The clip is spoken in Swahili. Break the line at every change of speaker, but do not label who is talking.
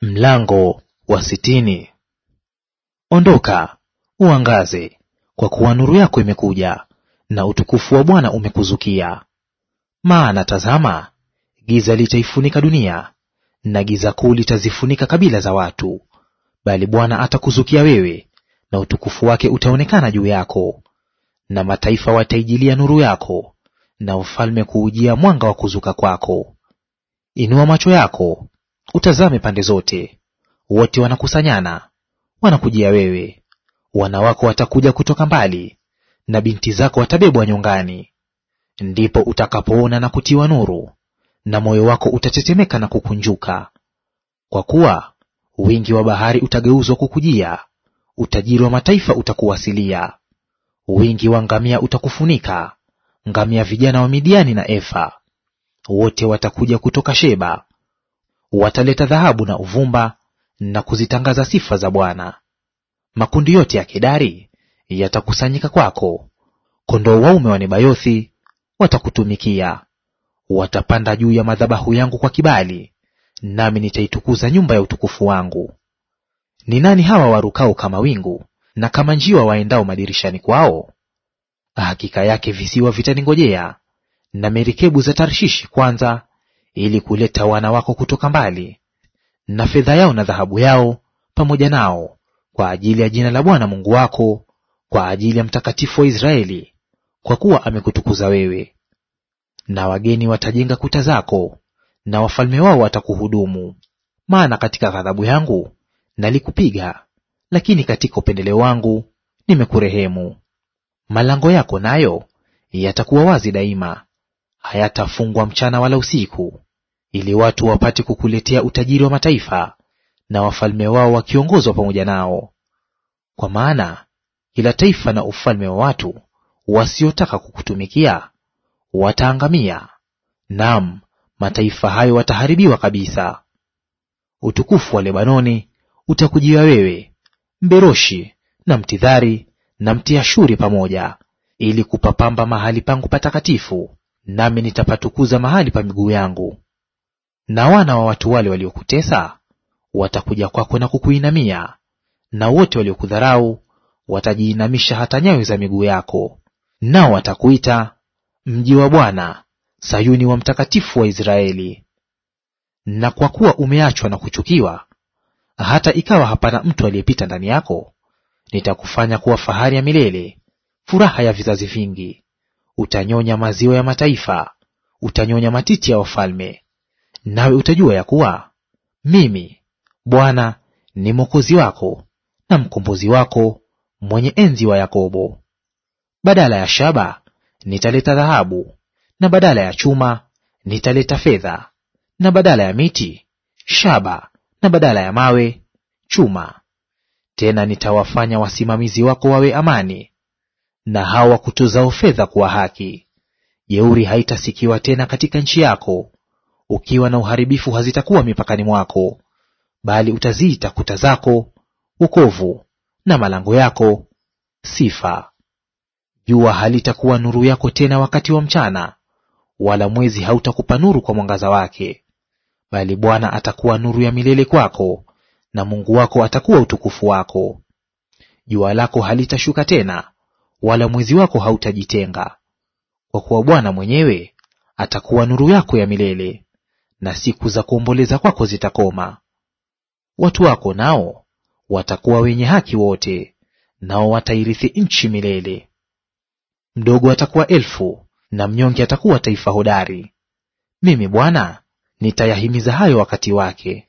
Mlango wa sitini. Ondoka uangaze, kwa kuwa nuru yako imekuja, na utukufu wa Bwana umekuzukia. Maana tazama, giza litaifunika dunia, na giza kuu litazifunika kabila za watu, bali Bwana atakuzukia wewe, na utukufu wake utaonekana juu yako. Na mataifa wataijilia nuru yako, na ufalme kuujia mwanga wa kuzuka kwako. Inua macho yako utazame pande zote. Wote wanakusanyana, wanakujia wewe. Wana wako watakuja kutoka mbali, na binti zako watabebwa nyongani. Ndipo utakapoona na kutiwa nuru, na moyo wako utatetemeka na kukunjuka, kwa kuwa wingi wa bahari utageuzwa kukujia, utajiri wa mataifa utakuwasilia. Wingi wa ngamia utakufunika, ngamia vijana wa Midiani na Efa. Wote watakuja kutoka Sheba Wataleta dhahabu na uvumba na kuzitangaza sifa za Bwana. Makundi yote ya Kedari yatakusanyika kwako, kondoo waume wa Nebayothi watakutumikia. Watapanda juu ya madhabahu yangu kwa kibali, nami nitaitukuza nyumba ya utukufu wangu. Ni nani hawa warukao kama wingu na kama njiwa waendao madirishani kwao? Hakika yake visiwa vitaningojea na merikebu za Tarshishi kwanza ili kuleta wana wako kutoka mbali, na fedha yao na dhahabu yao pamoja nao, kwa ajili ya jina la Bwana Mungu wako, kwa ajili ya Mtakatifu wa Israeli, kwa kuwa amekutukuza wewe. Na wageni watajenga kuta zako, na wafalme wao watakuhudumu. Maana katika ghadhabu yangu nalikupiga, lakini katika upendeleo wangu nimekurehemu. Malango yako nayo yatakuwa wazi daima, hayatafungwa mchana wala usiku, ili watu wapate kukuletea utajiri wa mataifa, na wafalme wao wakiongozwa pamoja nao. Kwa maana kila taifa na ufalme wa watu wasiotaka kukutumikia wataangamia, naam, mataifa hayo wataharibiwa kabisa. Utukufu wa Lebanoni utakujia wewe, mberoshi na mtidhari na mtiashuri pamoja, ili kupapamba mahali pangu patakatifu, nami nitapatukuza mahali pa miguu yangu. Na wana wa watu wale waliokutesa watakuja kwako na kukuinamia, na wote waliokudharau watajiinamisha hata nyayo za miguu yako. Nao watakuita mji wa Bwana, Sayuni wa Mtakatifu wa Israeli. Na kwa kuwa umeachwa na kuchukiwa, hata ikawa hapana mtu aliyepita ndani yako, nitakufanya kuwa fahari ya milele, furaha ya vizazi vingi. Utanyonya maziwa ya mataifa, utanyonya matiti ya wafalme nawe utajua ya kuwa mimi Bwana ni Mwokozi wako na mkombozi wako, mwenye enzi wa Yakobo. Badala ya shaba nitaleta dhahabu, na badala ya chuma nitaleta fedha, na badala ya miti shaba, na badala ya mawe chuma. Tena nitawafanya wasimamizi wako wawe amani, na hao wakutozao fedha kuwa haki. Jeuri haitasikiwa tena katika nchi yako, ukiwa na uharibifu hazitakuwa mipakani mwako, bali utaziita kuta zako ukovu na malango yako sifa. Jua halitakuwa nuru yako tena wakati wa mchana, wala mwezi hautakupa nuru kwa mwangaza wake, bali Bwana atakuwa nuru ya milele kwako, na Mungu wako atakuwa utukufu wako. Jua lako halitashuka tena, wala mwezi wako hautajitenga, kwa kuwa Bwana mwenyewe atakuwa nuru yako ya milele na siku za kuomboleza kwako zitakoma. Watu wako nao watakuwa wenye haki wote, nao watairithi nchi milele. Mdogo atakuwa elfu na mnyonge atakuwa taifa hodari. Mimi Bwana nitayahimiza hayo wakati wake.